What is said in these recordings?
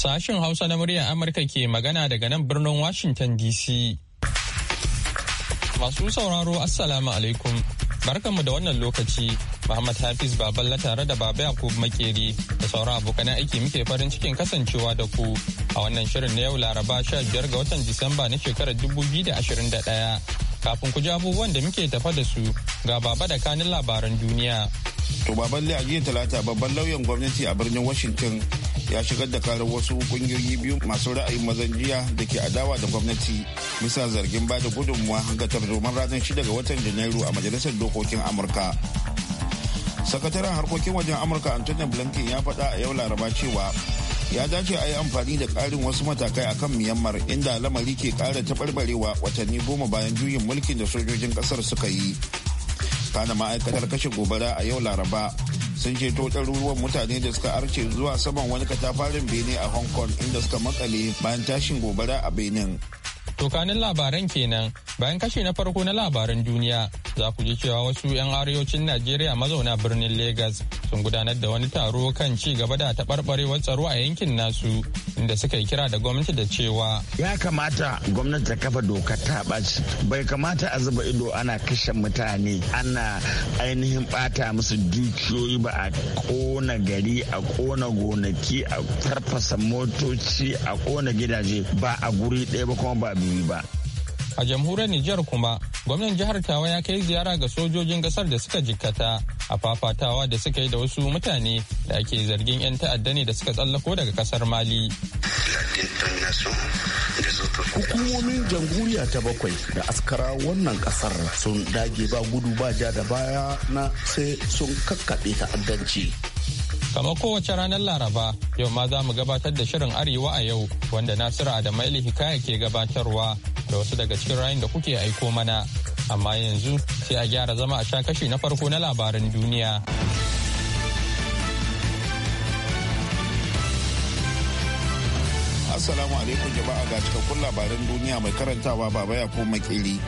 Sashen Hausa na muryar Amurka ke magana daga nan birnin Washington DC. Masu sauraro Assalamu alaikum. Barkanmu da wannan lokaci, Muhammad Hafiz Baballa tare da Baba Yakub Makeri da sauran abokan aiki muke farin cikin kasancewa da ku a wannan shirin na yau Laraba sha biyar ga watan Disamba na shekarar dubu biyu da da ashirin ɗaya, Kafin ku ji abubuwan da muke tafa da su ga Baba da kanin labaran duniya. To Baballe a jiya talata babban lauyan gwamnati a birnin Washington ya shigar da karar wasu kungiyoyi biyu masu ra'ayin mazan jiya da ke adawa da gwamnati bisa zargin ba da gudunmuwa ga tarzoman ranar 6 ga watan janairu a majalisar dokokin amurka sakataren harkokin wajen amurka antonio blinken ya faɗa a yau laraba cewa ya dace a yi amfani da ƙarin wasu matakai a kan myanmar inda lamari ke ƙara taɓarɓarewa watanni goma bayan juyin mulkin da sojojin ƙasar suka yi kana ma'aikatar kashe gobara a yau laraba sun ceto ɗaruruwan mutane da suka arce zuwa saman wani katafarin bene a hong kong inda suka makale bayan tashin gobara a benin Tokanin labaran kenan bayan kashe na farko na labaran duniya za ku ji cewa wasu 'yan arewacin Najeriya mazauna birnin Legas sun gudanar da wani taro kan ci gaba da taɓarɓarewar tsaro a yankin nasu inda suka yi kira da gwamnati da cewa. Ya kamata gwamnati ta kafa doka ta ɓaci bai kamata a zuba ido ana kashe mutane ana ainihin ɓata musu dukiyoyi ba a kona gari a kona gonaki a farfasa motoci a kona gidaje ba a guri ɗaya ba kuma ba biyu. yi ba a jamhuriyar Nijar kuma gwamnan jihar Tawa ya kai ziyara ga sojojin kasar da suka jikkata a fafatawa da suka yi da wasu mutane da ake zargin 'yan ta'adda ne da suka tsallako daga kasar Mali. Hukumomin jamhuriya ta bakwai da askara wannan kasar sun dage ba gudu ba ja da baya na sai sun kakkaɓe ta'addanci. Kamar kowace ranar Laraba, yau ma za mu gabatar da shirin Arewa a yau wanda Nasiru Adamaili Hikaya ke gabatarwa da wasu daga cikin rayun da kuke aiko mana. Amma yanzu sai a gyara zama a sha kashi na farko na labaran duniya. Assalamu alaikum jama'a ga cikakkun labarin duniya mai karantawa baba ya ko makili.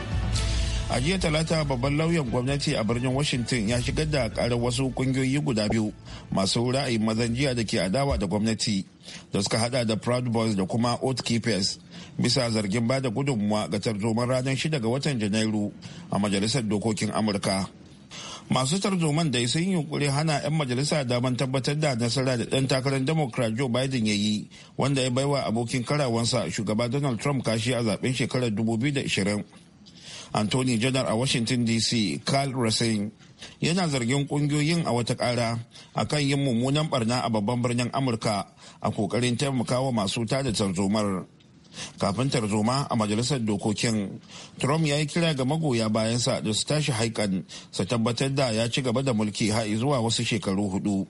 a jiya talata babban lauyan gwamnati a birnin washington ya shigar da karar wasu kungiyoyi guda biyu masu ra'ayin mazan jiya da ke adawa da gwamnati da suka hada da proud boys da kuma oath keepers bisa zargin ba da gudunmuwa ga tarzoman ranar 6 ga watan janairu a majalisar dokokin amurka masu tarzoman da sun yunkuri hana 'yan majalisa daman tabbatar da nasara da ɗan takarar democrat joe biden ya yi wanda ya baiwa abokin karawansa shugaba donald trump kashi a zaben shekarar 2020 Anthony General a Washington DC, Carl Racine, yana zargin kungiyoyin a wata kara akan yin mummunan barna a babban birnin Amurka a kokarin taimakawa masu tada tarzomar. Kafin tarzoma a majalisar dokokin, Trump ya yi kira ga magoya bayansa da su tashi haikan su tabbatar da ya ci gaba da mulki har zuwa wasu shekaru hudu.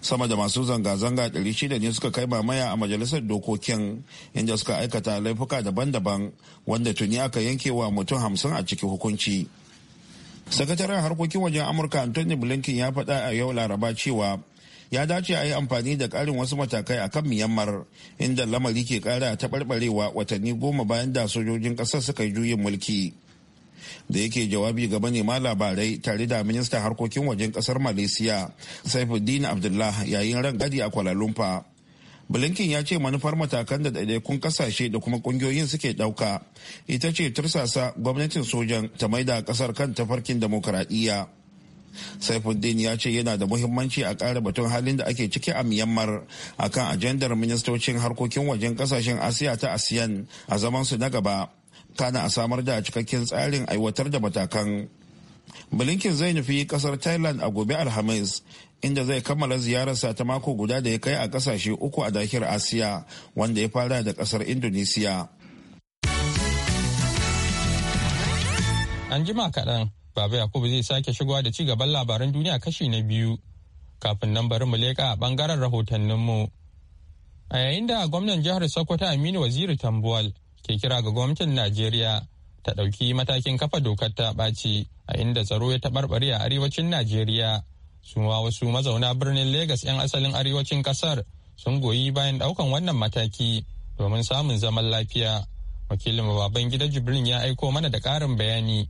sama da masu zanga-zanga 600 ne suka kai mamaya a majalisar dokokin inda suka aikata laifuka daban-daban wanda tuni aka yanke wa mutum hamsin a cikin hukunci sakataren harkokin wajen amurka anthony blinken ya faɗa a yau laraba cewa ya dace a yi amfani da ƙarin wasu matakai a kan myanmar inda lamari ke ƙara taɓarɓarewa watanni goma bayan da sojojin ƙasar suka yi juyin mulki da yake jawabi ga manema labarai tare da ministan harkokin wajen kasar malaysia saifuddin abdullah yayin ran rangadi a kuala lumpur blinken ya ce manufar matakan da ɗaiɗaikun kasashe da kuma ƙungiyoyin suke ɗauka ita ce tursasa gwamnatin sojan ta maida ƙasar kan tafarkin demokuraɗiyya saifuddin ya ce yana da muhimmanci a ƙara batun halin da ake ciki a myanmar akan ajandar ministocin harkokin wajen kasashen asiya ta asiyan a zamansu na gaba kana a samar da cikakken tsarin aiwatar da matakan blinken zai nufi kasar thailand a gobe alhamis inda zai kammala ziyararsa ta mako guda da ya kai a kasashe uku a dakiyar asiya wanda ya fara da kasar indonesia. an jima kaɗan baba yakubu zai sake shigowa da ci gaban labaran duniya kashi na biyu kafin nan bari mu leƙa a ɓangaren rahotanninmu a yayin da gwamnan jihar sokoto aminu waziri tambuwal ke kira ga gwamnatin Najeriya ta ɗauki matakin kafa dokar ta ɓaci a inda tsaro ya taɓarɓare a arewacin Najeriya. Suma wasu mazauna birnin Legas 'yan asalin arewacin ƙasar sun goyi bayan ɗaukan wannan mataki domin samun zaman lafiya. Wakilin gida Jibrin ya aiko mana da ƙarin bayani.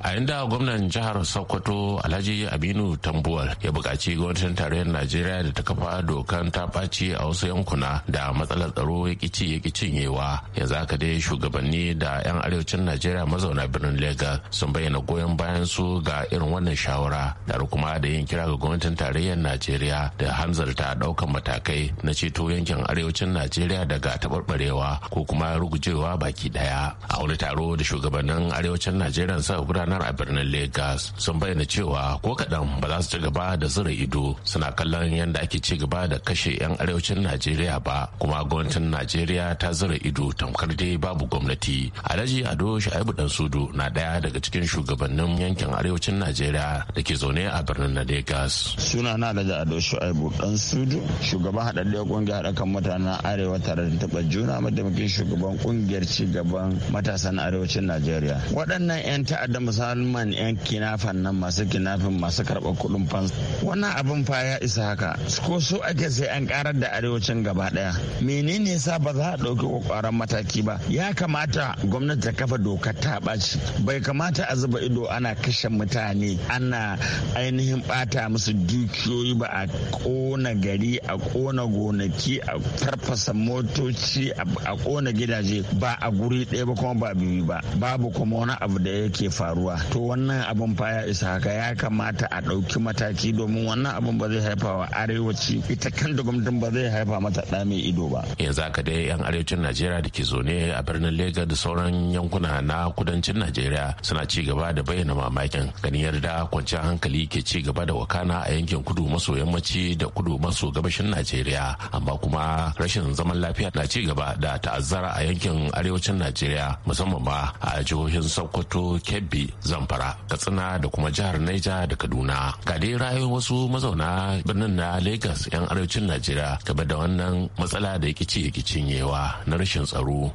a inda gwamnan jihar sokoto alhaji aminu tambuwal ya buƙaci gwamnatin tarayyar najeriya da ta kafa dokan ta ɓaci a wasu yankuna da matsalar tsaro ya ƙici ya cinyewa yanzu haka dai shugabanni da 'yan arewacin najeriya mazauna birnin Legas sun bayyana goyon bayan su ga irin wannan shawara tare kuma da yin kira ga gwamnatin tarayyar najeriya da hanzarta ɗaukan matakai na ceto yankin arewacin najeriya daga taɓarɓarewa ko kuma rugujewa baki ɗaya a wani taro da shugabannin arewacin najeriya sa ranar a birnin Lagos sun bayyana cewa ko kaɗan ba za su ci gaba da zura ido suna kallon yadda ake ci gaba da kashe 'yan arewacin Najeriya ba kuma gwamnatin Najeriya ta zura ido tamkar dai babu gwamnati. Alhaji Ado Sha'ibu Dan Sudu na daya daga cikin shugabannin yankin arewacin Najeriya da ke zaune a birnin legas Lagos. Suna na da Ado Sha'ibu Dan Sudu shugaban haɗaɗɗiyar ƙungiyar hadakan mutanen arewa tare da taɓa juna mataimakin shugaban ƙungiyar ci gaban matasan arewacin Najeriya. Waɗannan 'yan ta'adda musamman yan kinafan nan masu kinafin masu karɓar kuɗin fans wannan abin fa ya isa haka ko so ake sai an karar da arewacin gaba daya menene yasa ba za a ɗauki kwakwaran mataki ba ya kamata gwamnati ta kafa doka ta ɓaci bai kamata a zuba ido ana kashe mutane ana ainihin ɓata musu dukiyoyi ba a ƙona gari a ƙona gonaki a farfasa motoci a ƙona gidaje ba a guri ɗaya ba kuma ba biyu ba babu kuma wani abu da yake faru ruwa to wannan abin fa ya isa haka ya kamata a ɗauki mataki domin wannan abun ba zai haifa wa arewaci ita kanta gwamnatin ba zai haifa mata ɗa mai ido ba yanzu haka dai yan arewacin najeriya da ke zaune a birnin lagos da sauran yankuna na kudancin najeriya suna ci gaba da bayyana mamakin ganin yarda kwanciyar hankali ke ci gaba da wakana a yankin kudu maso yammaci da kudu maso gabashin najeriya amma kuma rashin zaman lafiya na ci gaba da ta'azzara a yankin arewacin najeriya musamman ba a jihohin sokoto kebbi zamfara katsina da kuma jihar naija da kaduna ga dai rayuwar wasu mazauna birnin na lagos yan arewacin najeriya game da wannan matsala da ya ci cinyewa na rashin tsaro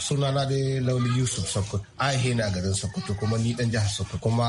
sunana dai lauli yusuf sokoto ai na garin sokoto kuma ni dan jihar sokoto kuma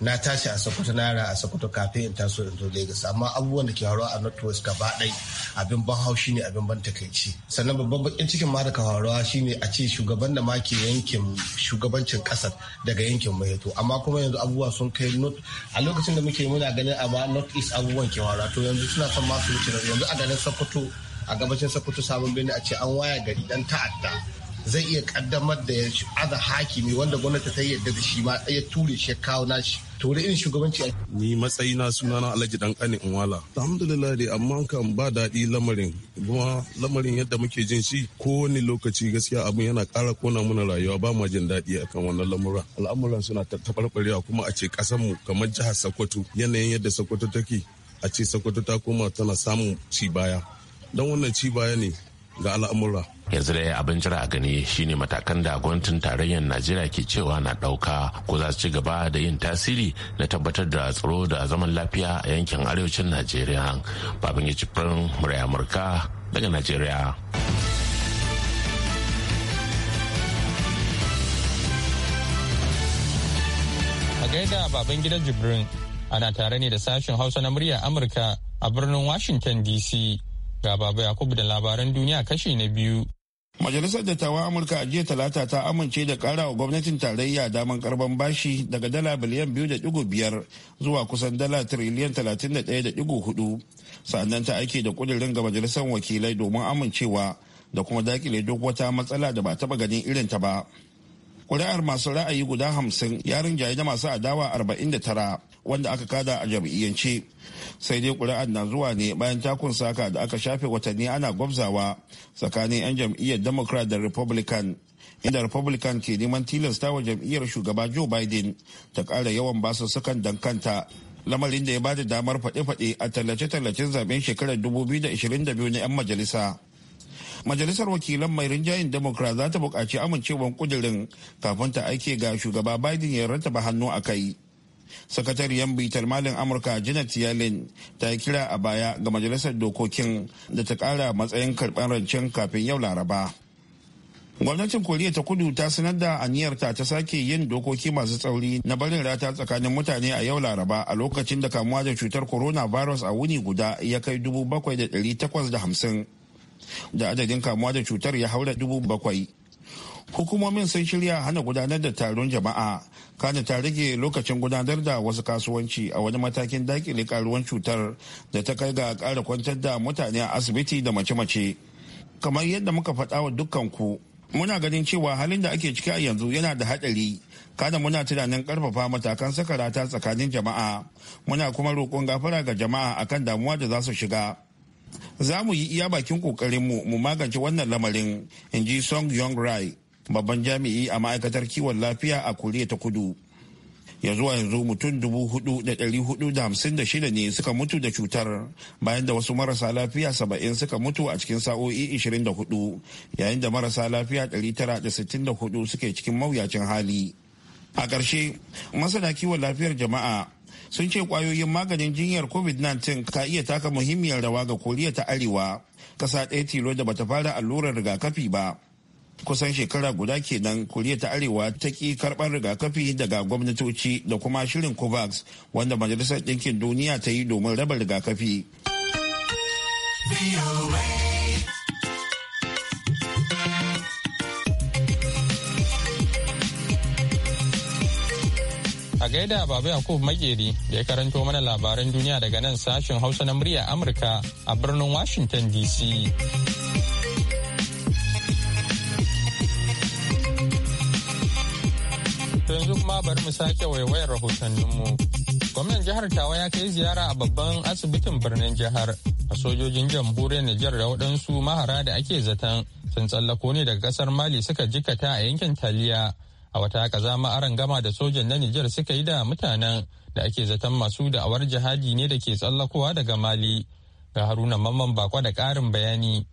na tashi a sokoto naira a sokoto kafin in taso in zo lagos amma abubuwan da ke faruwa a north west gaba ɗai abin ban haushi ne abin ban takaici sannan babban bakin cikin ma da ka faruwa shine a ce shugaban da ma ke yankin shugabancin kasar daga yankin maheto amma kuma yanzu abubuwa sun kai north a lokacin da muke muna ganin amma north east abubuwan ke faruwa to yanzu suna son masu wuce yanzu a ganin sokoto a gabashin sokoto sabon birni a ce an waya gari dan ta'adda zai iya kaddamar da ya aza hakimi wanda gwamnati ta yadda da shi ma ya ture shi kawo nashi tori irin shugabanci ni matsayi na suna na alhaji dan kani in wala alhamdulillah dai amma kan ba daɗi lamarin kuma lamarin yadda muke jin shi kowane lokaci gaskiya abin yana ƙara kona mana rayuwa ba ma jin daɗi akan wannan lamura al'amuran suna taɓarɓarewa kuma a ce ƙasanmu mu kamar jihar sokoto yanayin yadda sokoto take a ce sokoto ta koma tana samun ci baya don wannan ci baya ne ga al'amura yanzu dai abin jira a gani shine matakan da gwamnatin tarayyar najeriya ke cewa na ɗauka ko za su ci gaba da yin tasiri na tabbatar da tsaro da zaman lafiya a yankin arewacin najeriya babin ya cifin amurka daga najeriya a gaida baban gidan jibrin ana tare ne da sashen hausa na murya amurka a birnin washington dc Ga Yakubu da labaran duniya kashi na biyu. Majalisar Dattawan Amurka a jiya Talata ta amince da kara wa gwamnatin tarayya daman karban bashi daga dala biliyan biyu da digo biyar zuwa kusan dala tiriliyan talatin da ɗaya da digo hudu. Sannan ta aiki da kudirin ga majalisar wakilai domin amincewa da kuma dakile duk wata matsala da ba taɓa ganin irin ta ba. Kuri'ar masu ra'ayi guda hamsin ya rinjaye da masu adawa arba'in da tara wanda aka kada a jam'iyyance sai dai kuri'ar na zuwa ne bayan takun saka da aka shafe watanni ana gwabzawa tsakanin 'yan jam'iyyar democrat da republican inda republican ke neman tilasta wa jam'iyyar shugaba joe biden ta ƙara yawan basu sukan dankanta lamarin da ya bada damar faɗe-faɗe a tallace-tallacen zaben shekarar 2022 na 'yan majalisa majalisar wakilan mai rinjayin democrat za ta buƙaci amincewar ƙudurin kafin ta aike ga shugaba biden ya rattaba hannu a kai sakatariyar bitar malin amurka janet yalin ta yi kira a baya ga majalisar dokokin da ta kara matsayin karɓar rancen kafin yau laraba gwamnatin koriya ta kudu ta sanar da aniyarta ta sake yin dokoki masu tsauri na barin rata tsakanin mutane a yau laraba a lokacin da kamuwa da cutar coronavirus a wuni guda ya kai 7,850 da adadin kamuwa da cutar ya haura bakwai. hukumomin sun shirya hana gudanar da taron jama'a kada ta rage lokacin gudanar da wasu kasuwanci a wani matakin dakile karuwan cutar da ta kai ga kara kwantar da mutane a asibiti da mace-mace kamar yadda muka faɗa wa dukkan ku muna ganin cewa halin da ake ciki a yanzu yana da haɗari kada muna tunanin karfafa matakan sakarata tsakanin jama'a muna kuma roƙon gafara ga jama'a akan damuwa da za su shiga za mu yi iya bakin ƙoƙarinmu mu mu magance wannan lamarin in ji song young rai babban jami'i a ma'aikatar kiwon lafiya a koriya ta kudu ya zuwa yanzu mutum dubu hudu da dari hudu da hamsin da shida ne suka mutu da cutar bayan da wasu marasa lafiya saba'in suka mutu a cikin sa'o'i ishirin da hudu yayin da marasa lafiya dari tara da sittin da hudu suke cikin mawuyacin hali a ƙarshe masana kiwon lafiyar jama'a sun ce kwayoyin maganin jinyar covid-19 ka iya taka muhimmiyar rawa ga koriya ta arewa kasa ɗaya tilo da bata fara allurar rigakafi ba kusan shekara guda kenan koriya ta arewa ta ki karɓar rigakafi daga gwamnatoci da kuma shirin covax wanda majalisar ɗinkin duniya ta yi domin raba rigakafi a gaida baba yakub makeri da ya karanto mana labaran duniya daga nan sashen hausa na murya amurka a birnin washington dc yanzu kuma bari mu sake waiwayar mu. Gwamnan jihar Tawa ya kai ziyara a babban asibitin birnin jihar a sojojin jamhuriyar Nijar da waɗansu mahara da ake zaton sun tsallako ne daga ƙasar Mali suka jikata a yankin Taliya. A wata kazama ma'aran gama da sojan na Nijar suka yi da mutanen da ake zaton masu da'awar jihadi ne da ke tsallakowa daga Mali. Ga Haruna Mamman bakwa da ƙarin bayani.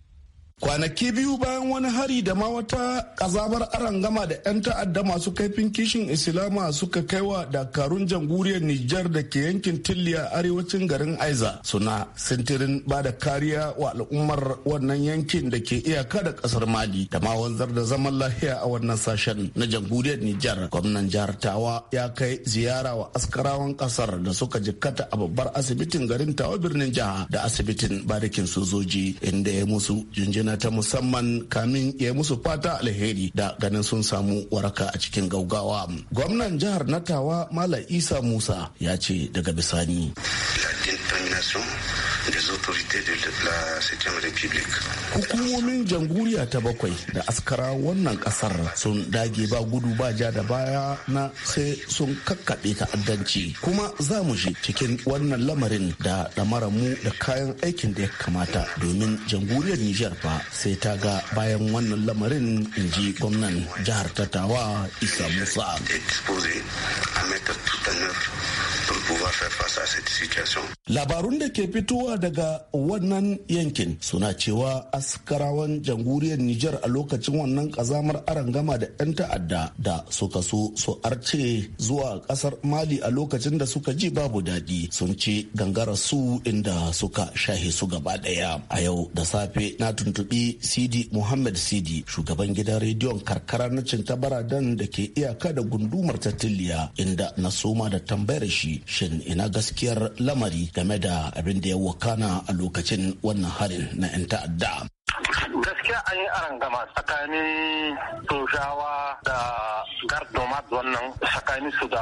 kwanaki biyu bayan wani hari da ma wata kazabar arangama da 'yan ta'adda masu kaifin kishin islama suka kaiwa dakarun jamhuriyar nijar da ke yankin tilliya arewacin garin aiza suna sintirin ba da kariya wa al'ummar wannan yankin da ke iyaka da kasar mali da ma wanzar da zaman lafiya a wannan sashen na jamhuriyar nijar gwamnan jihar tawa ya kai ziyara wa askarawan kasar da suka jikkata a babbar asibitin garin tawa birnin jiha da asibitin barikin sojoji inda ya musu jinjin na ta musamman kamin ya yi musu fata alheri da ganin sun samu waraka a cikin gaugawa gwamnan jihar natawa Malam isa musa ya ce daga bisani coordination des autorités de la 7 République. Hukumomin jamhuriya ta bakwai da askara wannan kasar sun dage ba gudu ba ja da baya na sai sun kakkaɓe ta'addanci kuma za mu je cikin wannan lamarin da mu da kayan aikin da ya kamata domin jamhuriyar Nijar ba sai ta ga bayan wannan lamarin in ji gwamnan jihar Tattawa Isa Musa. Labarin labarun da ke fitowa daga wannan yankin suna cewa askarawan jamhuriyar Nijar a lokacin wannan kazamar arangama da 'yan ta'adda da suka so su arce zuwa kasar Mali a lokacin da suka ji babu daɗi sun ce gangara su inda suka shahe su gaba ɗaya. A yau da safe na tuntuɓi Sidi Muhammad Sidi shugaban gidan rediyon karkara na dan da ke iyaka da gundumar Tattiliya inda na soma da tambayar shi shin ina gaskiyar lamari game da da abin da ya wakana a lokacin wannan harin na 'yan ta'adda. gaskiya an yi arangama tsakanin sojawa da gardomat wannan tsakanin su da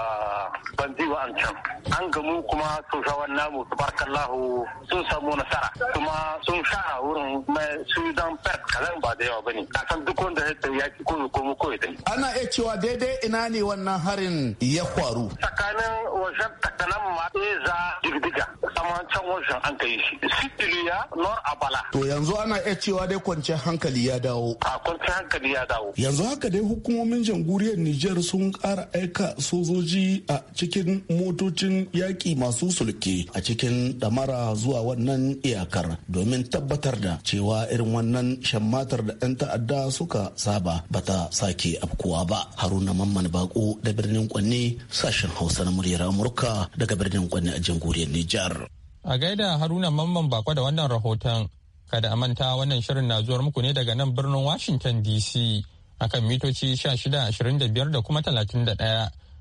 wa an can an gamu kuma sojawan namu tabarakallahu sun samu nasara kuma sun a wurin mai sudan dan kalan ba da yawa ne kasan duk wanda ya ya ci ko ko ko ya ana iya cewa daidai ina ne wannan harin ya faru tsakanin wajen takanan ma eh, promotion an kai shi sitili ya nor abala to yanzu ana iya cewa dai kwanciyar hankali ya dawo a kwanciyar hankali ya dawo yanzu haka dai hukumomin jamhuriyar Nijar sun ƙara aika sojoji a cikin motocin yaƙi masu sulke a cikin damara zuwa wannan iyakar domin tabbatar da cewa irin wannan shammatar da 'yan ta'adda suka saba bata sake afkuwa ba haruna mamman bako da birnin kwanne sashen hausa na muryar amurka daga birnin kwanne a jamhuriyar Nijar. A gaida Haruna Mamman bakwa da wannan rahoton, kada a manta wannan shirin na zuwar muku ne daga nan birnin Washington DC akan mitoci 1625 da kuma 31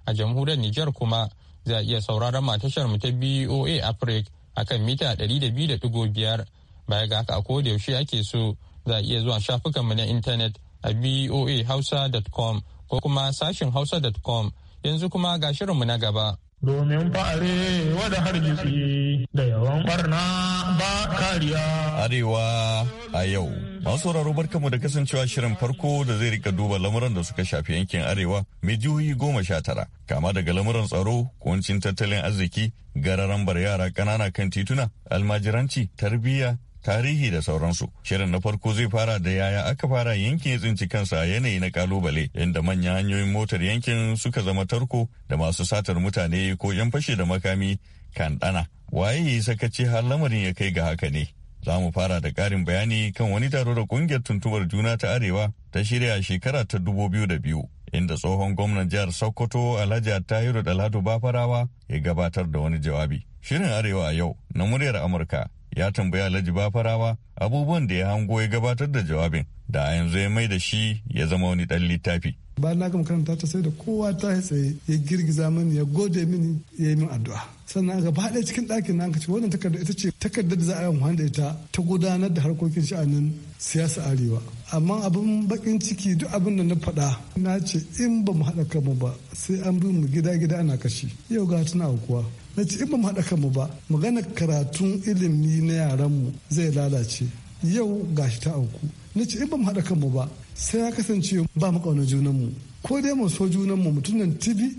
a jamhuriyar Nijar kuma za a iya sauraron matashar mu ta BOA Africa a kan mita 200.5 baya ga haka a koda yaushe ake so za a iya zuwa shafukan mu na intanet a boa boahausa.com ko kuma sashin hausa.com yanzu kuma ga shirinmu na gaba. domin fare wada hargitsi da yawan barna ba kariya. Arewa a yau. Masu sauraro barkamu da kasancewa shirin farko da zai rika duba lamuran da suka shafi yankin Arewa mai jihohi goma sha tara, kama daga lamuran tsaro, kuncin tattalin arziki, gararan bar yara ƙanana kan tituna, almajiranci, tarbiyya, tarihi da sauransu. Shirin na farko zai fara da yaya aka fara yankin tsinci kansa a yanayi na kalubale inda manyan hanyoyin motar yankin suka zama tarko da masu satar mutane ko 'yan fashe da makami kan ɗana. Waye sakaci har lamarin ya kai ga haka ne? Za mu fara da ƙarin bayani kan wani taro da ƙungiyar tuntubar juna ta Arewa ta shirya shekara ta biyu da biyu. inda tsohon gwamnan jihar Sokoto Alhaji Tahiru Dalado Bafarawa ya gabatar da wani jawabi. Shirin Arewa a yau na muryar Amurka ya tambaya Alhaji Bafarawa abubuwan da ya hango ya gabatar da jawabin da a yanzu ya mai da shi ya zama wani dan littafi. Bayan na gama karanta ta sai da kowa ta tsaye ya girgiza mini ya gode mini ya yi min addu'a. Sannan gaba ɗaya cikin ɗakin na ce wannan takarda ita ce takardar da za a yi amfani da ita ta gudanar da harkokin sha'anin siyasa arewa. Amma abin bakin ciki duk abin da na faɗa na ce in ba mu haɗa kanmu ba sai an bi mu gida gida ana kashi. Yau ga tuna kuwa na ce in ba mu haɗa kanmu ba magana karatun ilimi na yaran mu zai lalace yau ga shi ta auku na ce in ba mu haɗa kanmu ba sai ya kasance ba mu junan junanmu ko dai mu so junanmu nan tibi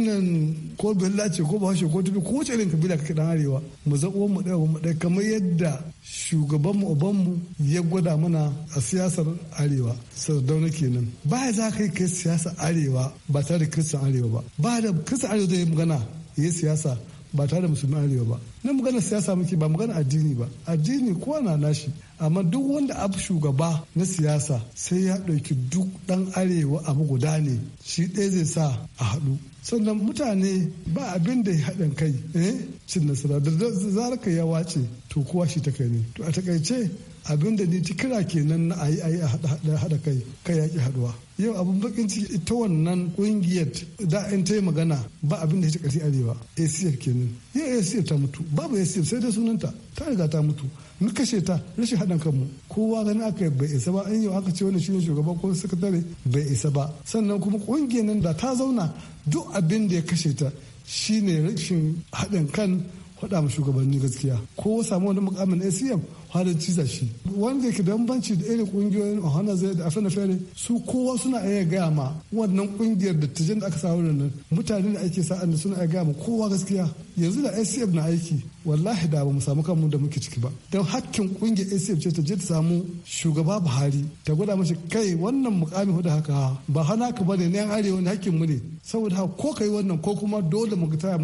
nan ko bella ce ko bahaushe ko tibi ko wace irin kabila kake dan arewa mu zaɓo mu mu mu ɗaya kamar yadda shugaban mu uban mu ya gwada mana a siyasar arewa sardauna kenan ba za ka yi kai siyasar arewa ba tare da kristan arewa ba ba da kristan arewa zai yi magana yi siyasa ba tare da musulmi arewa ba na maganar siyasa muke ba magana addini ba addini kowa na nashi amma duk wanda abu shugaba na siyasa sai ya ɗauki duk ɗan arewa abu guda ne shi ɗaya zai sa a haɗu sannan mutane ba abin da ya haɗin kai eh cin nasara da zarar ka ya wace to kowa shi ta kai ne to a takaice abin da ni kira kenan na ayi ayi haɗa kai kai yaki haɗuwa yau abin bakin ciki ita wannan ƙungiyar da in ta yi magana ba abin da ya ci ƙarfi arewa acf kenan yau acf ta mutu babu acf sai dai sunanta ta riga ta mutu mun kashe ta rashin haɗin kanmu kowa gani aka bai isa ba in yau aka ce wani shine shugaban ko sakatare bai isa ba sannan kuma ƙungiyar nan da ta zauna duk abin da ya kashe ta shine rashin haɗin kan faɗa ma shugabanni gaskiya ko samu wani mukamin acf halin ciza shi wanda yake da bambanci da irin kungiyoyin ohana zai da afena fere su kowa suna iya gaya ma wannan kungiyar da da aka sa da nan mutane da ake sa suna iya gaya ma kowa gaskiya yanzu da acf na aiki wallahi da ba mu samu kanmu da muke ciki ba don hakkin kungiyar acf ce ta je ta samu shugaba buhari ta gwada mashi kai wannan mukamin hudu haka ba hana ka bane ne yan arewa ne hakkin mu ne saboda ko kai wannan ko kuma dole mu ga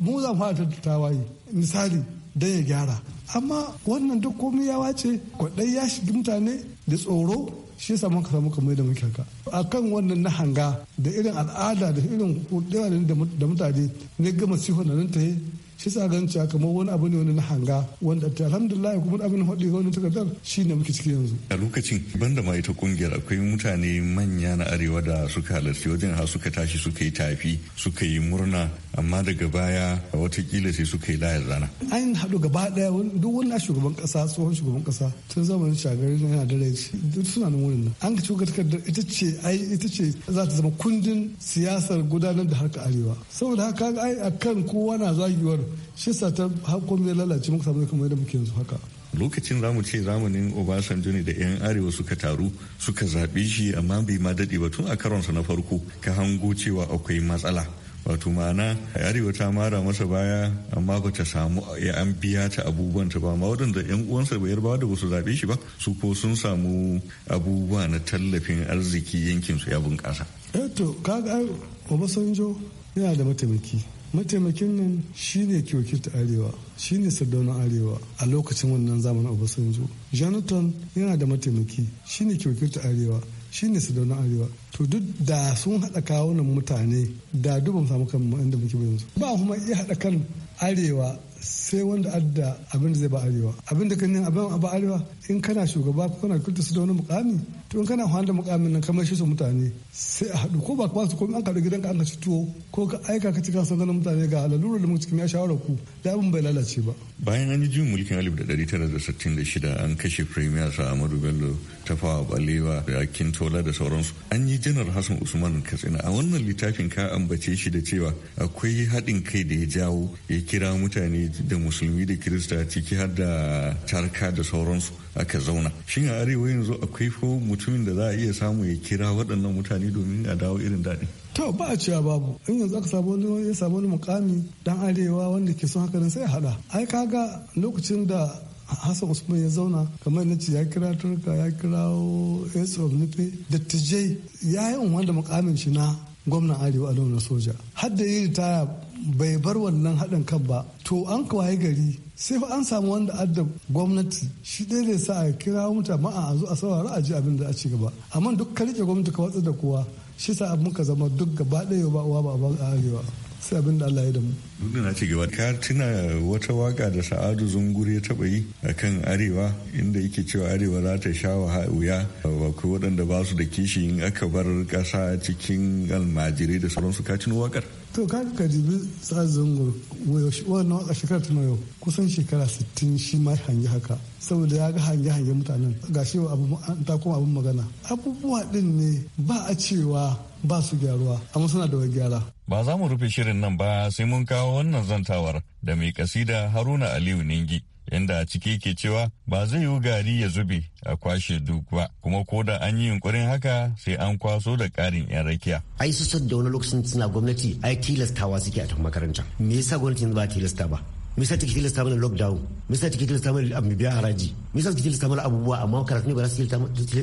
mu za mu fara tattawaye misali don ya gyara amma wannan duk komai ya wace kwaɗai ya shiga mutane da tsoro shi yasa muka samu kamar da muke haka akan wannan na hanga da irin al'ada da irin kurdewa da mutane ne gama sifon da nan ta yi shi sa gan cewa kamar wani abu ne wani na hanga wanda ta alhamdulillah kuma abin ga wani takardar shi ne muke ciki yanzu. a lokacin banda ma ita kungiyar akwai mutane manya na arewa da suka halarci wajen ha suka tashi suka yi tafi suka yi murna amma daga baya watakila sai suka yi layar rana. an haɗu gaba ɗaya duk wani shugaban ƙasa tsohon shugaban ƙasa tun zamanin shagari na yana da rai duk suna nan wurin nan an ka cikin takardar ita ce ai ita ce za ta zama kundin siyasar gudanar da harka arewa saboda haka a kan kowa na zagiwar shi sa ta hakon ya lalace muka samu kamar yadda muke yanzu haka lokacin zamu ce zamanin obasanjo ne da 'yan arewa suka taru suka zaɓe shi amma bai ma daɗe ba tun a karonsa na farko ka hango cewa akwai matsala wato ma'ana arewa ta mara masa baya amma ba ta samu ya an biya ta abubuwan ta ba ma waɗanda yan uwansa bai yarbawa da basu zaɓe shi ba su ko sun samu abubuwa na tallafin arziki yankin su ya bunƙasa. eto eh kaga obasanjo yana da mataimaki mataimakin nan shine ke wakilta arewa shine sardaunan arewa a lokacin wannan zamanin obasanjo jonathan yana da mataimaki shine ke wakilta arewa ne su dauna arewa to duk da sun haɗa kawunan mutane da duban samu kan inda muke yanzu ba kuma iya haɗa kan arewa sai wanda adda abin da zai ba arewa abin da kan abin ba arewa in kana shugaba ko kana kulta su da wani mukami to in kana da mukamin nan kamar shi su mutane sai a haɗu ko ba ka su komai an gidan gidanka an ka tuwo ko ka aika ka cika kasan mutane ga lalura da mutum ya shawara ku da abin bai lalace ba. bayan an yi jin mulkin alif da ɗari tara da sittin da shida an kashe premier sa amadu bello tafawa balewa da akin tola da sauransu an yi janar hassan usman katsina a wannan littafin ka ambace shi da cewa akwai haɗin kai da ya jawo ya kira mutane da musulmi da kirista ciki har da tarka da sauransu aka zauna shin a arewa yanzu akwai ko mutumin da za a iya samu ya kira waɗannan mutane domin a dawo irin daɗi to ba a cewa babu in yanzu aka samu wani ya samu wani mukami dan arewa wanda ke son haka nan sai hada ai kaga lokacin da hassan usman ya zauna kamar na ce ya kira turka ya kirawo ace nufi da dattijai ya yi wanda mukamin shi na gwamnan arewa a launin soja har da yi ritaya bai bar wannan haɗin kan ba to an kawai gari sai fa an samu wanda adda gwamnati shi ɗaya ne sa a kira mutane ma'a a zo a saurara a ji abin da a ci gaba amma duk ka rike gwamnati ka watsa da kowa shi sa muka zama duk gaba ɗaya ba uwa ba a arewa sai abin da Allah ya da mu. Duk da na ci gaba ka tuna wata waka da Sa'adu Zungure ya taba yi a kan Arewa inda yake cewa Arewa za ta sha wuya ba ku waɗanda ba su da kishi in aka bar ƙasa cikin almajirai da sauransu ka tuna wakar. to ka ka dibi tsar zango wannan a shekara ta yau kusan shekara 60 shi ma hangi haka saboda ya ga hangi hangi mutanen ga shi ta kuma abin magana abubuwa din ne ba a cewa ba su gyaruwa amma suna da wani gyara ba za mu rufe shirin nan ba sai mun kawo wannan zantawar da mai kasida haruna aliyu ningi inda a ciki ke cewa ba zai yi gari ya zube a kwashe duk ba kuma ko da an yi yunkurin haka sai an kwaso da karin yan rakiya ai su da wani lokacin suna gwamnati ai tilastawa suke a tun makaranta me yasa gwamnati ba tilasta ba me yasa take tilasta mana lockdown me yasa take tilasta mana abu biya haraji me yasa take tilasta mana abubuwa amma karatu ne ba za su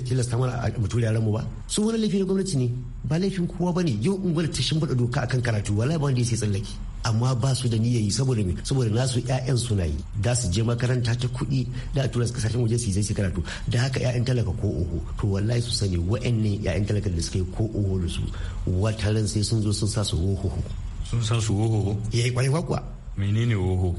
tilasta mana a mutu yaran mu ba su wani laifi na gwamnati ne ba laifin kowa ne yau in gwamnati ta shimfiɗa doka akan karatu wallahi ba wanda ya sai tsallake amma ba su da niyyayi saboda me saboda nasu ƴaƴan suna yi da su je makaranta ta kuɗi da a tura su kasashen waje su yi su karatu da haka ƴaƴan talaka ko oho to wallahi su sani wa'annan ƴaƴan talaka da suka yi ko oho da su ran sai sun zo sun sa su hoho sun sa su hoho yayi eh, kwarewa kuwa menene hoho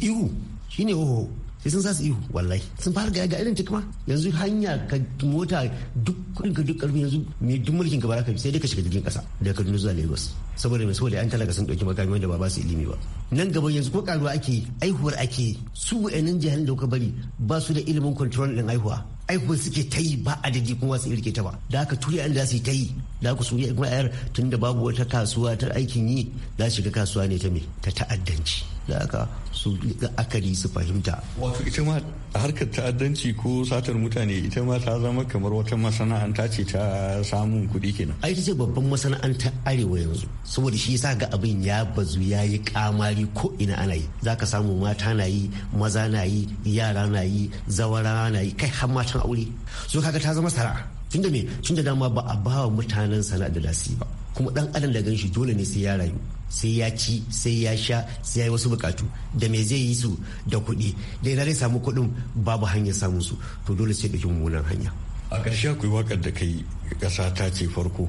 ihu shine hoho sai sun sa ihu wallahi sun fara ga irin kuma yanzu hanya ka mota duk duk karfi yanzu ne duk mulkin ka baraka sai dai ka shiga jirgin kasa daga Kaduna zuwa Lagos saboda mai saboda an talaka sun dauki makami wanda ba ba su ilimi ba nan gaba yanzu ko karuwa ake aihuwar ake su wa'annan jihar da kuka bari ba su da ilimin control din aihuwa aihuwar suke ta yi ba adadi kuma su irke ta ba da haka turi an da su ta yi da haka su kuma ayar tun da babu wata kasuwa ta aikin yi za shiga kasuwa ne ta me ta ta'addanci da aka su akari su fahimta. Wato ita ma harkar ta'addanci ko satar mutane ita ma ta zama kamar wata masana'anta ce ta samun kuɗi kenan. Ai ita ce babban masana'anta arewa yanzu saboda shi yasa ga abin ya bazu ya yi kamari ko ina ana yi za ka samu mata na yi maza na yi yara na yi zawara na yi kai har matan aure so kaga ta zama sana'a tunda me tunda dama ba a ba wa mutanen sana'a da lasi ba kuma dan adam da gan shi dole ne sai ya rayu sai ya ci sai ya sha sai ya yi wasu bukatu da me zai yi su da kuɗi da zai samu kuɗin babu hanyar samun su to dole sai ɗauki mummunan hanya a ƙarshe akwai wakar da kai ƙasa ta ce farko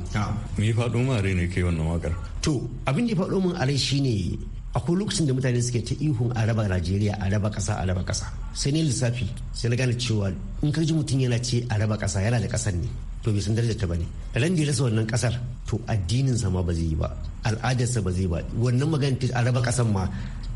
me faɗo ma rai ne kai wannan wakar to abin da faɗo min a rai shine akwai lokacin da mutane suke ta ihun a raba najeriya a raba kasa a raba kasa sai ne lissafi sai na gane cewa in ka ji mutum yana ce a raba kasa yana da ƙasar ne to bai san darajarta ta ne ran da ya rasa wannan kasar to addinin sa ma ba zai yi ba al'adarsa ba zai ba wannan magana a raba kasan ma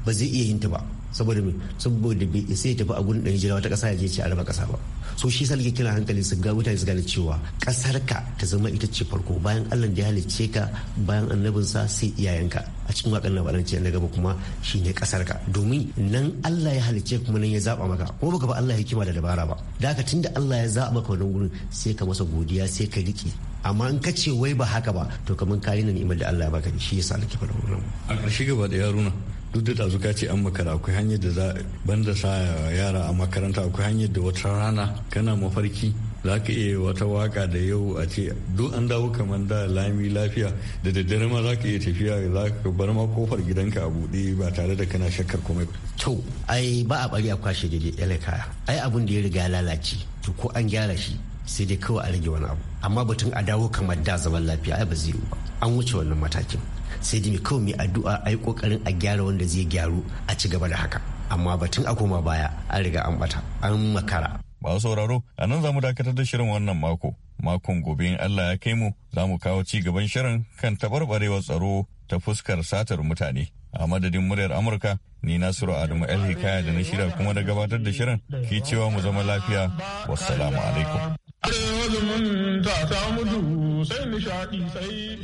ba zai iya yin ta ba saboda saboda bai isa ya tafi a gurin ɗan jira wata ƙasa ya je ce a raba ƙasa ba so shi salge kira hankali su ga mutane su gane cewa ƙasar ka ta zama ita ce farko bayan Allah da ya halicce ka bayan annabinsa sai iyayenka a cikin wakan na baɗan na gaba kuma shi ne ƙasar ka domin nan Allah ya halicce kuma nan ya zaɓa maka kuma baka ba Allah ya hikima da dabara ba da haka tunda Allah ya zaɓa maka wannan gurin sai ka masa godiya sai ka riƙe amma in ka ce wai ba haka ba to kamar kayi na ni'imar da Allah ya baka shi yasa sa faɗa wannan a ƙarshe gaba da yaruna duk da dazu kace ce an makara akwai hanyar da za banda sa yara a makaranta akwai hanyar da wata rana kana mafarki za ka iya wata waka da yau a ce duk an dawo kamar da lami lafiya da daddare ma za ka iya tafiya za ka bar ma kofar gidanka a buɗe ba tare da kana shakkar komai ba. to ai ba a bari a kwashe daidai ɗale kaya ai abun da ya riga ya lalace to ko an gyara shi sai dai kawai a rage wani abu amma batun a dawo kamar da zaman lafiya ai ba zai yi ba an wuce wannan matakin sai dai kawai mai addu'a a yi kokarin a gyara wanda zai gyaru a ci gaba da haka amma batun a koma baya an riga an bata an makara ba sauraro a nan za mu dakatar da shirin wannan mako makon gobe in Allah ya kai mu za mu kawo ci gaban shirin kan tabarbarewar tsaro ta fuskar satar mutane a madadin muryar amurka ni nasiru adamu el hikaya da na shirya kuma da gabatar da shirin ke cewa mu zama lafiya wassalamu alaikum A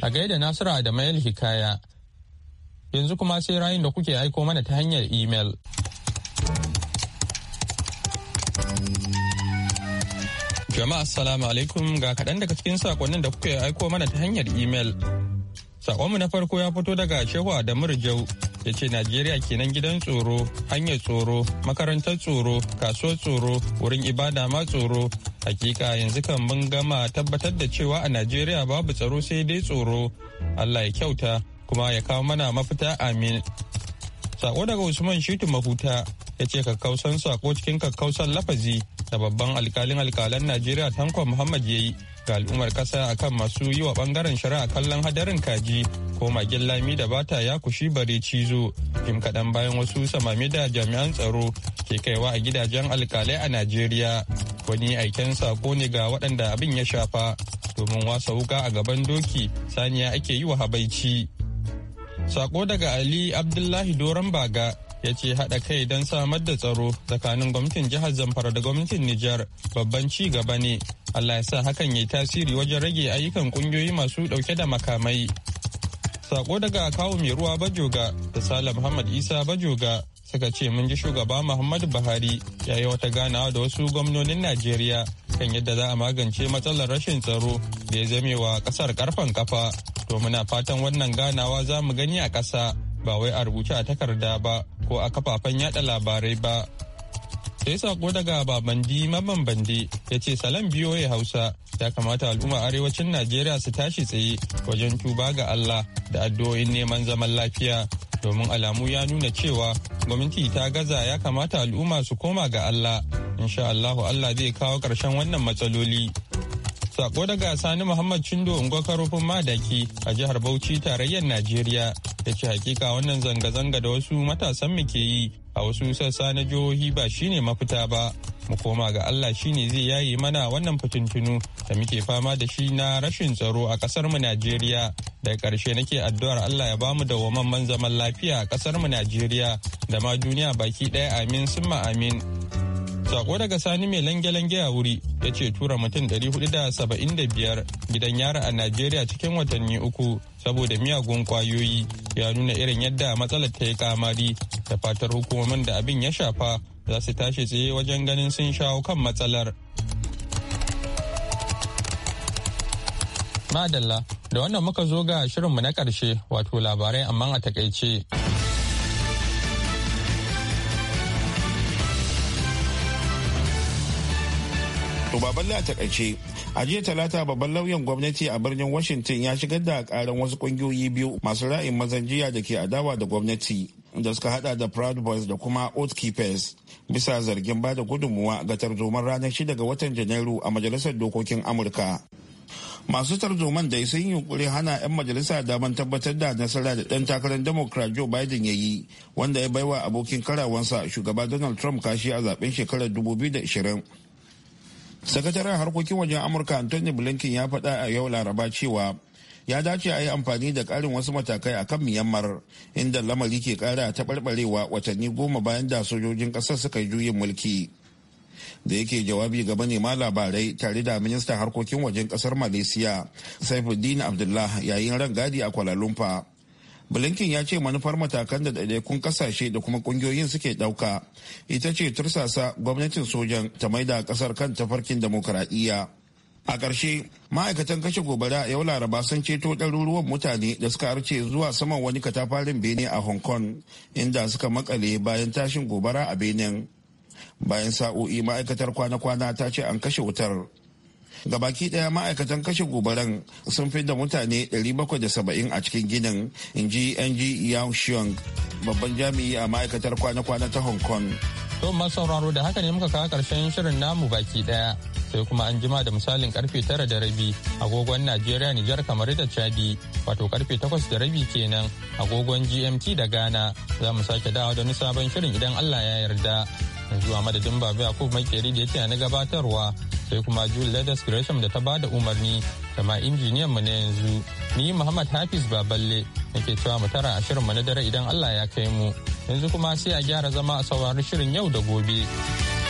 gaida Nasiru Adamayel Hikaya, yanzu kuma sai rayun da kuke aiko mana ta hanyar imel. Jama'a Assalamu alaikum ga kaɗan daga cikin sakonnin da kuke aiko mana ta hanyar imel. Sakonmu na farko ya fito daga Shehu da Rijau ya ce Najeriya kenan gidan tsoro, hanyar tsoro, makarantar tsoro, kasuwar tsoro, wurin ibada ma tsoro. Hakika yanzu kan mun gama tabbatar da cewa a Najeriya babu tsaro sai dai tsoro. Allah ya kyauta kuma ya kawo mana mafita amin. Sako daga Usman Shitu Mahuta ya ce kakkausan sako cikin kakkausan lafazi da babban alkalin alkalan Najeriya Tanko Muhammad ya yi ga al'ummar ƙasa akan masu yi wa bangaren shari'a kallon hadarin kaji ko magin lami da bata ya kushi bare cizo jim kaɗan bayan wasu samami da jami'an tsaro ke kaiwa a gidajen alkalai a najeriya wani aiken sako ne ga waɗanda abin ya shafa domin wasa wuka a gaban doki saniya ake yi wa habaici sako daga ali abdullahi doron baga ya ce haɗa kai don samar da tsaro tsakanin gwamnatin jihar zamfara da gwamnatin nijar babban ci gaba ne allah ya sa hakan ya yi tasiri wajen rage ayyukan ƙungiyoyi masu ɗauke da makamai sako daga kawo mai ruwa bajoga da sala muhammad isa bajoga suka ce mun ji shugaba muhammadu buhari ya yi wata ganawa da wasu gwamnonin najeriya kan yadda za a magance matsalar rashin tsaro da ya zame wa kasar karfan kafa to muna fatan wannan ganawa za mu gani a ƙasa ba wai a rubuce a takarda ba ko a kafafen yada labarai ba sai sako daga babandi mabambande ya ce salam ya hausa ya kamata al'umma arewacin najeriya su tashi tsaye wajen tuba ga allah da addu'o'in neman zaman lafiya domin alamu ya nuna cewa gwamnati ta gaza ya kamata al'umma su koma ga allah insha allahu allah zai kawo karshen wannan matsaloli sako daga sani muhammad chindo ungo madaki a jihar bauchi tarayyar najeriya ta ce hakika wannan zanga-zanga da wasu matasan mu ke yi a wasu sassa na jihohi ba shine mafita ba mu koma ga Allah shine zai yaye mana wannan fitintunu da muke fama da shi na rashin tsaro a kasar mu Najeriya daga ƙarshe nake addu'ar Allah ya bamu dawwamamman zaman lafiya a kasar mu Najeriya da ma duniya baki ɗaya amin summa amin Sako daga Sani mai lange-lange a wuri ya ce tura mutum 475 gidan yara a Najeriya cikin watanni uku saboda miyagun kwayoyi ya nuna irin yadda matsalar ta yi kamari da fatar hukumomin da abin ya shafa za su tashi tsaye wajen ganin sun shawo kan matsalar. Madalla, da wannan muka zo ga shirinmu na ƙarshe wato labarai amma a takaice. baballe a takaice a jiya talata babban lauyan gwamnati a birnin washington ya shigar da karan wasu kungiyoyi biyu masu ra'ayin mazan jiya da ke adawa da gwamnati da suka hada da proud boys da kuma oath keepers bisa zargin ba da gudunmuwa ga tarzoman ranar shida ga watan janairu a majalisar dokokin amurka masu tarzoman da sun yunkuri hana 'yan majalisa daman tabbatar da nasara da ɗan takarar democrat joe biden ya yi wanda ya baiwa abokin karawansa shugaba donald trump kashi a zaben shekarar 2020 sakataren harkokin wajen amurka anthony blinken ya faɗa a yau laraba cewa ya dace a yi amfani da ƙarin wasu matakai a kan myanmar inda lamari ke ƙara taɓarɓarewa watanni goma bayan da sojojin ƙasar suka yi juyin mulki da yake jawabi ga manema labarai tare da ministan harkokin wajen ƙasar malaysia saifuddin abdullah yayin rangadi a kuala blinken ya ce manufar matakan da ɗaiɗaikun ƙasashe da kuma ƙungiyoyin suke ɗauka ita ce tursasa gwamnatin sojan ta maida ƙasar kan tafarkin demokuraɗiyya a ƙarshe ma'aikatan kashe gobara yau laraba sun ceto ɗaruruwan mutane da suka arce zuwa saman wani katafarin bene a hong kong inda suka makale bayan tashin gobara a benin bayan sa'o'i ma'aikatar kwana-kwana ta ce an kashe wutar ga baki daya ma'aikatan kashe gobaran sun fi da mutane 770 a cikin ginin in ji ng yang shiong babban jami'i a ma'aikatar kwana-kwana ta hong kong to masu sauraro da haka ne muka kawo karshen shirin namu baki daya sai kuma an jima da misalin karfe tara da rabi agogon najeriya nijar kamar da chadi wato karfe takwas da rabi kenan agogon gmt da ghana za mu sake dawo da wani sabon shirin idan allah ya yarda zuwa madadin babu yakub makeri da ya na gabatarwa sai kuma jule leathers gresham da ta ba da umarni kama ma injiniyan mu na yanzu ni muhammad hafiz baballe nake cewa mu tara a shirin mu na dare idan allah ya kai mu yanzu kuma sai a gyara zama a saurari shirin yau da gobe.